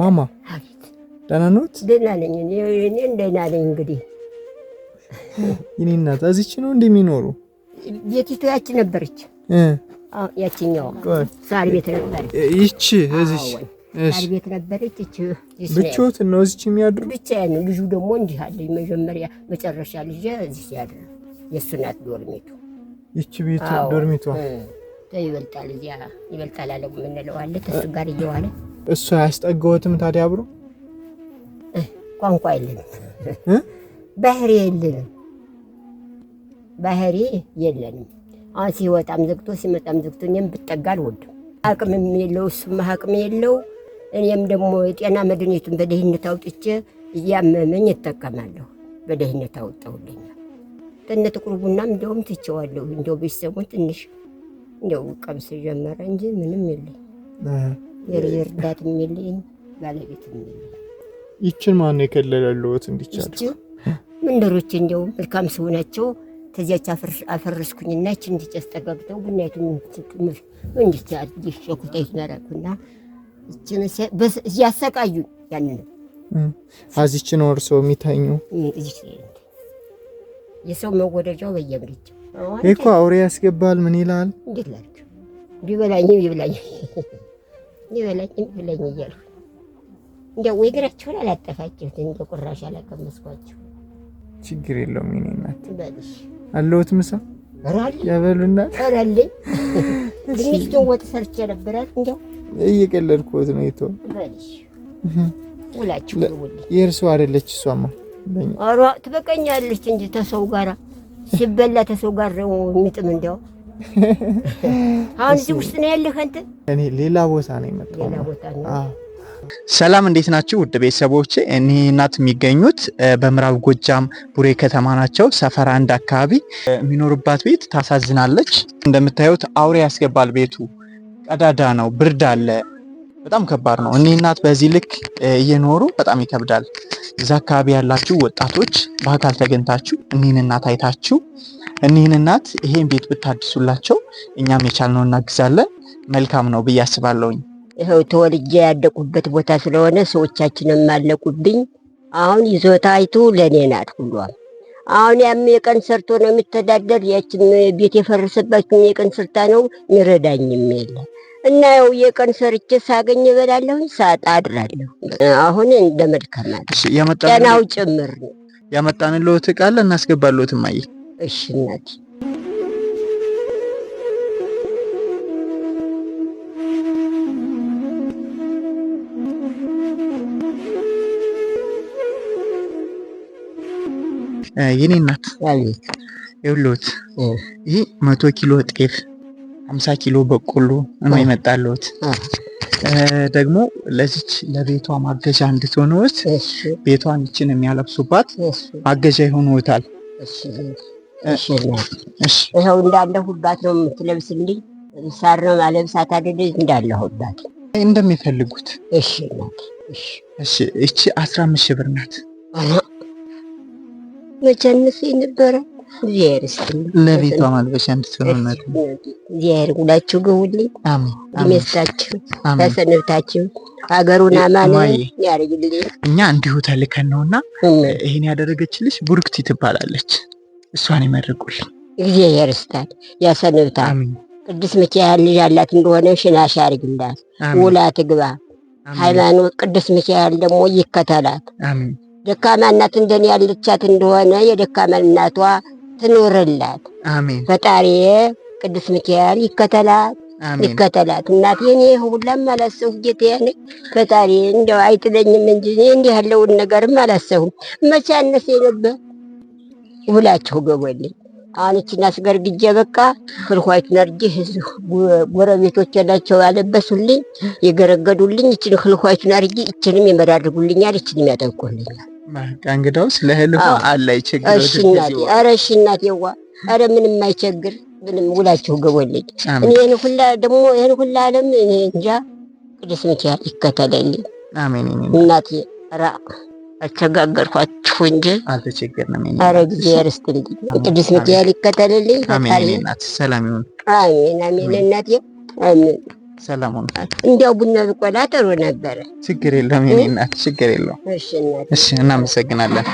ማማ ደህና ነዎት? ደህና ነኝ እኔም ደህና ነኝ። እንግዲህ የእኔ እናት እዚች ነው እንደሚኖሩ ቤቲቱ ያቺ ነበረች ያችኛዋ ሳር ቤት ነበረች። ይቺ እዚች ሳር ቤት ነበረች። ይቺ ብቻዎት ነው እዚች የሚያድሩ ብቻዬን። ልጁ ደግሞ እንዲህ አለኝ መጀመሪያ መጨረሻ ልጅ እዚህ ያድር የእሱ ናት ዶርሜቱ ይቺ ቤት ዶርሜቷ ይበልጣል እዚያ ይበልጣል አለ የምንለው አለ ከእሱ ጋር እየዋለ እሱ አያስጠጋዎትም ታዲያ? አብሮ ቋንቋ የለንም፣ ባህሪ የለንም፣ ባህሪ የለንም። አሁን ሲወጣም ዘግቶ ሲመጣም ዘግቶ እኔም ብጠጋ አልወድም። አቅምም የለው እሱም አቅም የለው። እኔም ደግሞ የጤና መድኃኒቱን በደህንነት አውጥቼ እያመመኝ እጠቀማለሁ። በደህንነት አውጣውልኛል። ተነ ጥቁር ቡና እንደውም ትቼዋለሁ። እንደው ቤተሰቡን ትንሽ እንደው ቀምስ ጀመረ እንጂ ምንም የለኝ። የርዳት የሚልኝ ባለቤት የሚል ይችን ማን የከለለልዎት? እንዲቻል መንደሮች እንደው መልካም ሰው ናቸው። ከዚያች አፈረስኩኝና ች እንዲጨስ ጠጋግተው ቡናይቱ ትምር እንዲቻ ሸኩታይቱን አደረኩና እያሰቃዩኝ ያንን አዚችን ነው እርስዎ የሚተኙ? የሰው መወደጃው በየምድጃው ይኮ አውሬ ያስገባል። ምን ይላል? እንዴት ላድርግ? ቢበላኝ ይብላኝ ይበላኝም ይብለኝ እያልኩ እንደው እግራችሁን አላጠፋችሁት እንደ ቁራሽ አላቀመስኳችሁ። ችግር የለውም የእኔ እናት በልሽ አለሁት። ምሳ ያበሉና ራልኝ ትንሽ ግን ወጥ ሰርቼ ነበራል። እንደው እየቀለድኩት ነው። የተው በልሽ ውላችሁ ልውልኝ። የእርሱ አይደለች እሷማ። ኧረ ትበቀኛለች እንጂ ተሰው ጋራ ሲበላ ተሰው ጋር ነው የሚጥም እንደው አሁን እዚህ ውስጥ ነው ያለህ አንተ? እኔ ሌላ ቦታ ነው ሰላም እንዴት ናችሁ ውድ ቤተሰቦች እኒህ እናት የሚገኙት በምዕራብ ጎጃም ቡሬ ከተማ ናቸው። ሰፈር አንድ አካባቢ የሚኖሩባት ቤት ታሳዝናለች። እንደምታዩት አውሬ ያስገባል ቤቱ። ቀዳዳ ነው፣ ብርድ አለ። በጣም ከባድ ነው። እኒህ እናት በዚህ ልክ እየኖሩ በጣም ይከብዳል። እዛ አካባቢ ያላችሁ ወጣቶች በአካል ተገኝታችሁ እኒህን እናት አይታችሁ እኒህን እናት ይሄን ቤት ብታድሱላቸው እኛም የቻልነው እናግዛለን። መልካም ነው ብዬ አስባለሁኝ። ይኸው ተወልጄ ያደቁበት ቦታ ስለሆነ ሰዎቻችንም አለቁብኝ። አሁን ይዞታ አይቱ ለእኔ ናት ሁሏም አሁን ያም የቀን ሰርቶ ነው የሚተዳደር። ያችን ቤት የፈረሰባችን የቀን ሰርታ ነው የሚረዳኝም የለ እና ያው የቀን ሰርቼ ሳገኝ እበላለሁኝ፣ ሳጣ አድራለሁ። አሁን እንደ መልካም ጤናው ጭምር ነው ያመጣንልዎት እቃ አለ እናስገባልዎት። እማዬ እሽነት እናቴ የኔ እናት ይውሎት ይህ መቶ ኪሎ ጤፍ ሀምሳ ኪሎ በቆሎ ነው የመጣልዎት። ደግሞ ለዚች ለቤቷ ማገዣ እንድትሆነ ውስጥ ቤቷን ይችን የሚያለብሱባት ማገዣ ይሆንዎታል። ይኸው እንዳለሁባት ነው የምትለብስልኝ። ሳር ነው ማለብሳት እንዳለሁባት እንደሚፈልጉት። እሺ እሺ እቺ አስራ አምስት ሺህ ብር ናት። መቸንስ ነበረ እግዚአብሔር ይስጥልኝ። ለቤቷ ማልበሻ እንድትሆን እናት እግዚአብሔር ግቡልኝ። አሜን። ይመስታችሁ ተሰንብታችሁ ሀገሩን አማን ያርግልኝ። እኛ እንዲሁ ተልከን ነውና ያደረገችልሽ ቡርክቲ ትባላለች። እሷን ይመርቁልን። እግዜ የርስታል ያሰንብታ ቅዱስ ሚካኤል ልጅ አላት እንደሆነ ሽናሽ ያርግላት፣ ውላ ትግባ። ሃይማኖት ቅዱስ ሚካኤል ደግሞ ይከተላት። ደካማ እናት እንደኔ ያለቻት እንደሆነ የደካማ እናቷ ትኖርላት። ፈጣሪ ቅዱስ ሚካኤል ይከተላት ይከተላት እናት የኔ ሁላም አላሰሁ ጌታዬ ፈጣሪ እንደው አይጥለኝም እንጂ እንዲህ ያለውን ነገርም አላሰሁም መቻነስ ነበር ይብላችሁ ገጎልኝ። አሁን እቺን አስገርግጄ በቃ ህልኳይት ነርጂ ጎረቤቶች ናቸው ያለበሱልኝ የገረገዱልኝ። እችን ህልኳይት ነርጂ እችንም ይመዳድጉልኛል፣ እችንም ያጠንቁልኛል። እንግዳው ስለ ህልሁ አለ ይቸግር። እሺ ሽናት ኧረ እሺ ምንም አይቸግር። ምንም ውላችሁ ገቦልኝ። ይህን ሁላ ደግሞ ይህን ሁላ አለም እንጃ ቅዱስ ሚካኤል ይከተለልኝ። እናቴ ራ አቸጋገርኳችሁ እንጂ አልተቸገርንም። ኧረ እግዚአብሔር ይስጥልኝ፣ ቅዱስ ሚካኤል ይከተልልኝ። አሜን አሜን። እናቴ አሜን። ሰላም ይሁን። አሜን አሜን። እናቴ አሜን። ሰላም ሁኑ። እንዲያው ቡና ብቆላ ጥሩ ነበረ። ችግር የለውም የእኔ እናት፣ ችግር የለውም። እሺ እናመሰግናለን።